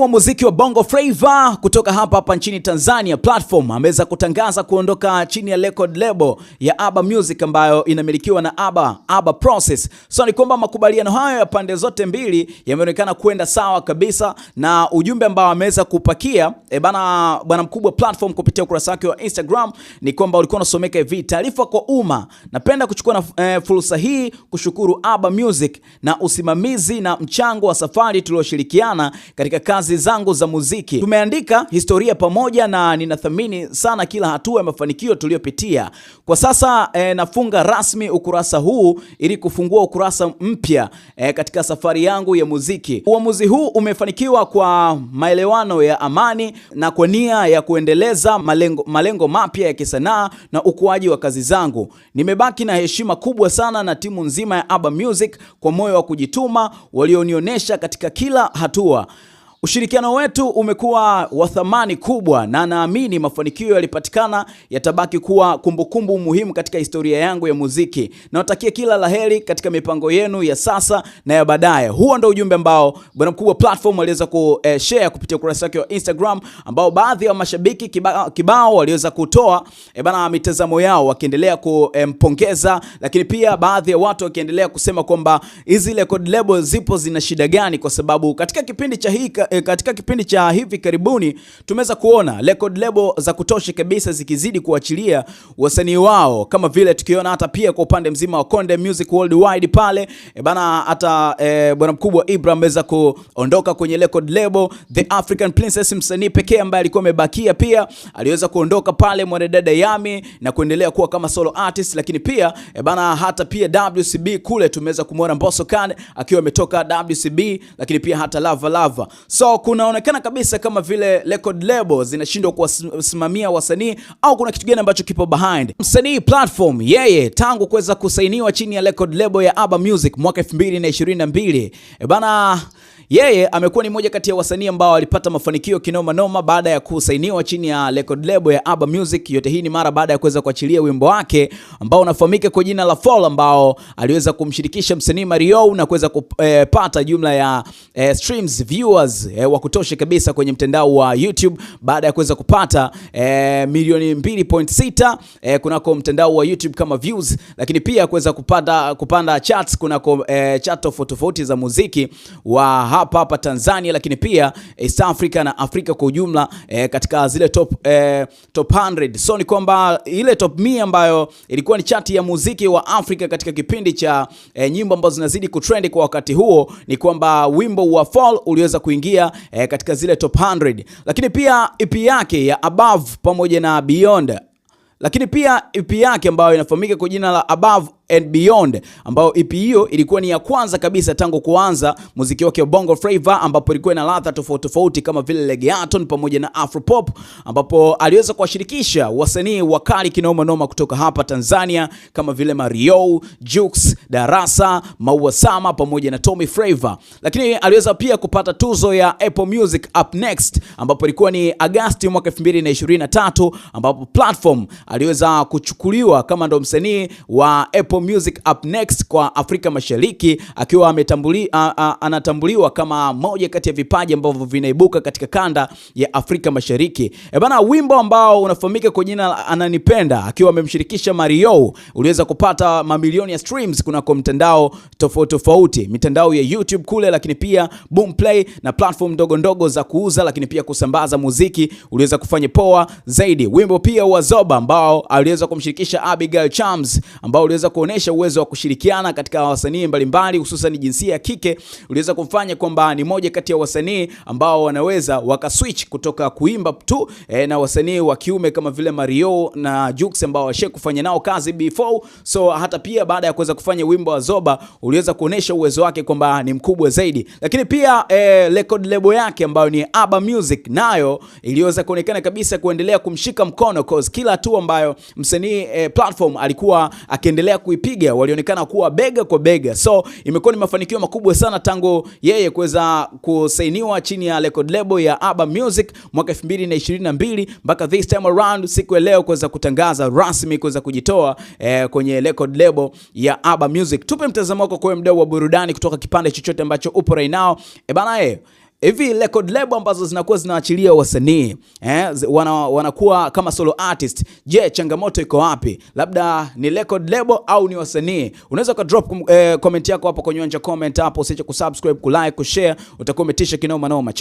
wa muziki wa Bongo Flava kutoka hapa hapa nchini Tanzania Platform ameweza kutangaza kuondoka chini ya record label ya Aba Music ambayo inamilikiwa na Aba, Aba Process. So ni kwamba makubaliano hayo ya pande zote mbili yameonekana kwenda sawa kabisa, na ujumbe ambao ameweza kupakia e bana bwana mkubwa Platform kupitia ukurasa wake wa Instagram ni kwamba ulikuwa unasomeka hivi: taarifa kwa umma, napenda kuchukua na, e, fursa hii kushukuru Aba Music na usimamizi na mchango wa safari tulioshirikiana katika kazi kazi zangu za muziki. Tumeandika historia pamoja na ninathamini sana kila hatua ya mafanikio tuliyopitia. Kwa sasa e, nafunga rasmi ukurasa huu ili kufungua ukurasa mpya e, katika safari yangu ya muziki. Uamuzi huu umefanikiwa kwa maelewano ya amani na kwa nia ya kuendeleza malengo, malengo mapya ya kisanaa na ukuaji wa kazi zangu. Nimebaki na heshima kubwa sana na timu nzima ya Aba Music kwa moyo wa kujituma walionionyesha katika kila hatua. Ushirikiano wetu umekuwa wa thamani kubwa na naamini mafanikio yalipatikana yatabaki kuwa kumbukumbu kumbu muhimu katika historia yangu ya muziki. Nawatakia kila laheri katika mipango yenu ya sasa na ya baadaye. Huo ndio ujumbe ambao Bwana Mkubwa Platform aliweza kushare eh, kupitia ukurasa wake wa Instagram, ambao baadhi ya mashabiki kibao kibao waliweza kutoa e bana mitazamo yao wakiendelea kumpongeza, eh, lakini pia baadhi ya watu wakiendelea kusema kwamba hizi record label zipo zina shida gani, kwa sababu katika kipindi cha hii e, katika kipindi cha hivi karibuni tumeweza kuona record label za kutosha kabisa zikizidi kuachilia wasanii wao, kama vile tukiona hata pia kwa upande mzima wa Konde Music Worldwide pale e, bana hata e, bwana mkubwa Ibra ameweza kuondoka kwenye record label The African Princess, msanii pekee ambaye alikuwa amebakia pia aliweza kuondoka pale mwanadada Yami na kuendelea kuwa kama solo artist, lakini pia e, bana hata pia WCB kule tumeweza kumwona Mbosso Khan akiwa ametoka WCB, lakini pia hata Lava Lava So kunaonekana kabisa kama vile record label zinashindwa kuwasimamia wasanii au kuna kitu gani ambacho kipo behind. Msanii Platform yeye tangu kuweza kusainiwa chini ya record label ya Aba Music mwaka 2022 e bana yeye amekuwa ni mmoja kati ya wasanii ambao walipata mafanikio kinoma noma baada ya kusainiwa chini ya record label ya Aba Music. Yote hii ni mara baada ya kuweza kuachilia wimbo wake ambao unafahamika kwa jina la Fall ambao aliweza kumshirikisha msanii Mario na kuweza kupata eh, jumla ya eh, streams viewers eh, wa kutosha kabisa kwenye mtandao wa YouTube baada ya kuweza kupata eh, milioni 2.6 eh, kunako mtandao wa YouTube kama views, lakini pia kuweza kupanda kupanda charts kunako eh, chart tofauti tofauti za muziki wa hapa hapa Tanzania, lakini pia eh, East Africa na Afrika kwa ujumla eh, katika zile top, eh, top 100. So ni kwamba ile top 100 ambayo ilikuwa ni chati ya muziki wa Afrika katika kipindi cha eh, nyimbo ambazo zinazidi kutrend kwa wakati huo, ni kwamba wimbo wa Fall uliweza kuingia eh, katika zile top 100, lakini pia EP yake ya Above pamoja na Beyond lakini pia EP yake ambayo inafahamika kwa jina la Above and Beyond, ambayo EP hiyo ilikuwa ni ya kwanza kabisa tangu kuanza muziki wake wa Bongo Flava, ambapo ilikuwa na ladha tofauti tofauti kama vile reggaeton pamoja na afropop, ambapo aliweza kuwashirikisha wasanii wakali kinoma noma kutoka hapa Tanzania kama vile Mario, Jux, Darasa, Maua Sama pamoja na Tommy Flava, lakini aliweza pia kupata tuzo ya Apple Music Up Next, ambapo ilikuwa ni Agasti mwaka 2023 ambapo platform aliweza kuchukuliwa kama ndo msanii wa Apple Apple Music Up Next kwa Afrika Mashariki akiwa ametambuli, a, a, anatambuliwa kama moja kati ya vipaji ambavyo vinaibuka katika kanda ya Afrika Mashariki. E bana, wimbo ambao unafahamika kwa jina Ananipenda akiwa amemshirikisha Mario uliweza kupata mamilioni ya streams kunako mtandao tofauti tofauti, mitandao ya YouTube kule, lakini pia Boomplay na platform ndogo ndogo za kuuza, lakini pia kusambaza muziki uliweza kufanya poa zaidi. Wimbo pia wa Zoba ambao aliweza kumshirikisha Abigail Chams ambao uliweza ku kuonesha uwezo wa kushirikiana katika wasanii mbalimbali hususan jinsia ya kike uliweza kumfanya kwamba ni moja kati ya wasanii ambao wanaweza wakaswitch kutoka kuimba tu e, na wasanii wa kiume kama vile Mario na Jux ambao washe kufanya nao kazi before. So hata pia baada ya kuweza kufanya wimbo wa Zoba uliweza kuonesha uwezo wake kwamba ni mkubwa zaidi, lakini pia e, record label yake ambayo ni Aba Music nayo iliweza kuonekana kabisa kuendelea kumshika mkono cause kila tu ambayo msanii e, platform alikuwa akiendelea kui kuipiga walionekana kuwa bega kwa bega, so imekuwa ni mafanikio makubwa sana tangu yeye kuweza kusainiwa chini ya record label ya Aba Music mwaka 2022 mpaka this time around siku ya leo kuweza kutangaza rasmi kuweza kujitoa eh, kwenye record label ya Aba Music. Tupe mtazamo wako kwa mdau wa burudani kutoka kipande chochote ambacho upo right now. E bana eh hivi record label ambazo zinakuwa zinaachilia wasanii eh, wana, wanakuwa kama solo artist. Je, changamoto iko wapi? Labda ni record label au ni wasanii? Unaweza ka drop eh, comment yako hapo kwenye uwanja comment hapo, usiache kusubscribe, kulike, kushare, utakuwa umetisha kinoma noma.